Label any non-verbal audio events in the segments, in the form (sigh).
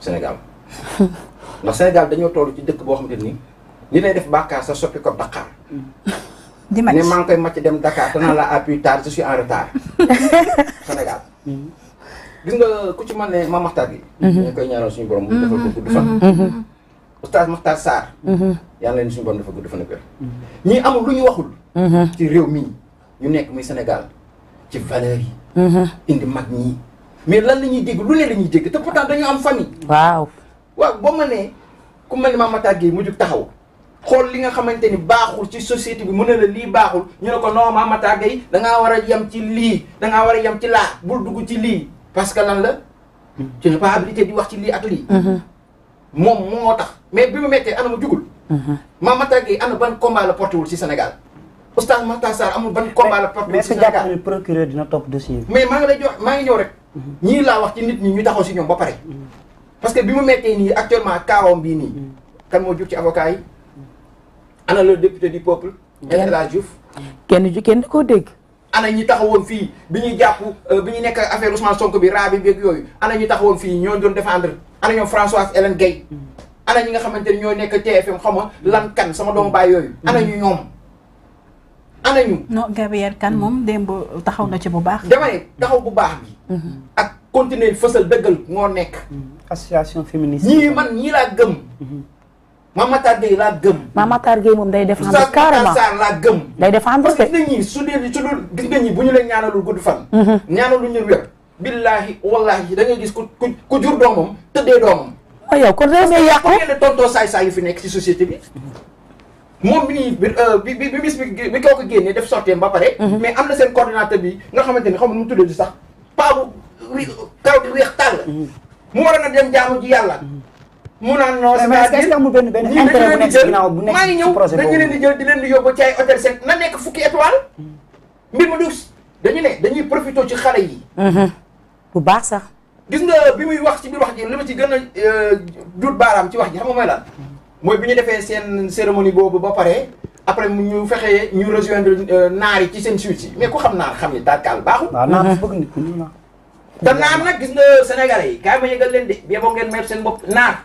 Sénégal (laughs) ndax Sénégal dañoo toll ci dëkk boo xamante ni li lay def bàkkaar sa soppi ko Dakar. (laughs) di màcc ne maa ngi koy màcc dem Dakar te naa la à plus tard je suis en (laughs) ku ci ma Maxtaar gi. dañ koy ñaanal suñu borom. mu mhm. defal ko gudd fan. Mhm. Mhm. oustaz Maxtaar Sarr. yàlla leen suñu borom dafa gudd fan ak wér. ñii amul lu ñu waxul. ci réew mii ñu nekk muy Sénégal ci valeur indi mag ñi. mais lan la ñuy dégg lu ne la ñuy te pourtant dañu am famille. waaw waaw ba ma ne ku mel ni Mame mu jug taxaw xool li nga xamante ni baaxul ci société bi mu ne la lii baaxul ñu ne ko non Mame Makhtar Gueye da ngaa war a yem ci lii da war a yem ci laa bul dugg ci lii parce que lan la je n'ai pas habilité di wax ci lii ak lii. Mhm. moom moo tax mais bi mu méttee ana mu jugul. Mhm. Mame Makhtar Gueye ana ban combat la porté ci Sénégal. oustaz Makhtar Sarr amul ban combat la Pape mais est-ce que jàpp ne bi mais maa ngi lay jox maa ngi ñëw rek ñii laa wax ci nit ñi ñu taxaw si ñoom ba pare parce que bi mu mettee nii actuellement kaawam bii nii kan moo jug ci avocat yi ana le député du peuple El Hadj Diouf kenn ju kenn koo dégg ana ñi taxawoon fii bi ñuy jàpp euh, bi ñu nekk affaire Ousmane Sonko bi raa bi beeg yooyu ana ñi taxawoon fii ñoo doon défendre ana ñoom Françoise Hélène Guèye ana ñi nga xamante ne ñoo nekk TFM xam nga lan kan sama doomu baay yooyu ana ñu anañu. non Gabrielle kan moom dem mm-hmm. démb taxaw na ci bu baax. dama ne taxaw bu baax bi. Mm-hmm. ak continuer fësal dëggal moo nekk. Mm-hmm. association féministe. ñii man ñii laa gëm. Mame Matar Gueye laa gëm. Mame Matar Gueye moom day défendre carrément Sarr laa gëm. day défendre parce que gis su dee su dul gis nga ñii bu ñu leen ñaanalul gudd fan. ñaanalul ñu wér. billaahi wallaahi da gis ku ku jur doomam tëddee doomam. waaw yow kon réew mi yàqu parce que tontoo saay-saay yu fi nekk ci société bi. moom bi euh, bi bi bi bis bi bi kooku génnee def sorteem ba pare. Mhm. mais am na seen coordinateur bi nga xamante ni xam nu mu tuddati sax paa bu wi kaw di weex tàll. Mhm. mu waroon a dem jaamu ji yàlla. Mhm. mu naan non c'est à dire mais benn benn intérêt bu nekk ci leen di jël di leen di yóbbu na nekk fukki étoile. mbir mu dus dañu ne dañuy profité ci xale yi. bu baax sax. gis nga bi muy wax ci biir wax ji li ma ci gën a euh, duut baaraam ci wax ji xam nga lan. mooy bi ñu defee seen cérémonie boobu ba pare après ñu fexe ñu rejoindre euh, naar yi ci seen suite yi mais ku xam naar xam ni daal baaxul. waaw naar bëgg nit ku gis nga Sénégalais yi kaay ma yëgal leen de bee boo ngeen seen bopp naar.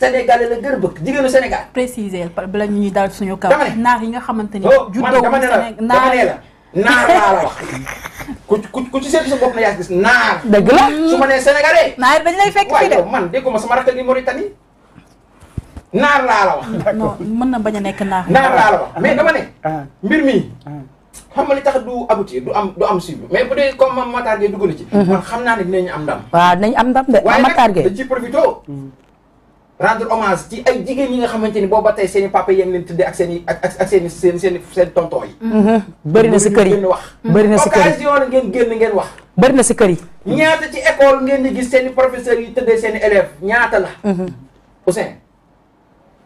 Sénégalais la gër bëgg jigéenu Sénégal. préciser bala ñuy daal suñu kaw. naar yi nga xamante ni. Oh, juddoo dama ne la dama ne la naar laa la wax. (laughs) ku ci seetu sa bopp na yaa gis naar. dëgg su ma nee Sénégalais. naar dañ lay fekk fii de waaye man dégguma sama rakk ni Mauritanie naar laa la wax. (laughs) non mën na bañ a nekk naar. naar laa la wax mais dama ne. Ah. mbir mi. Ah. xam nga li tax du aboutir du am du am suivi mais bu dee comme Mame Matar Gueye dugg na ci. Mhm. man xam naa ne dinañu am ndam. waaw dinañu am ndam de Mame Matar Gueye waaye nag dañ ciy profité. Mm. rendre hommage ci ay jigéen ñi nga xamante ni booba tey seen i papa yéen leen tuddee ak seen i ak ak seen i seen seen seen tonton yi. Mhm. Mhm. bëri na si kër yi wax. bëri na si kër yi occasion ngeen génn ngeen wax. bëri na si kër yi. ñaata ci école ngeen di gis seen i yi tëddee seen i ñaata la. Ousseyn.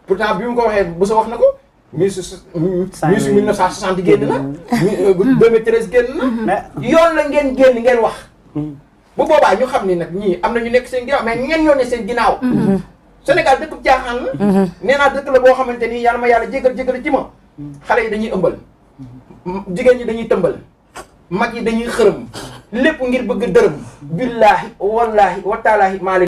pourtant bi mu ko waxee bu sa wax na ko. Miss 1960 génn na. 2013 mm-hmm. euh, génn na. Mm-hmm. yoon la ngeen génn ngeen wax. Mm-hmm. bu boobaa ñu xam ni nag ñii am na ñu nekk seen ginnaaw mais ñenn ñoo ne seen ginnaaw. Sénégal dëkk bu jaaxaan la. nee naa dëkk la boo xamante ni yàlla ma yàlla jégal jégal ci ma. xale yi dañuy ëmbal. jigéen ñi dañuy tëmbal. mag yi dañuy xërëm. lépp ngir bëgg dërëm. billaahi wallaahi wataalaahi maa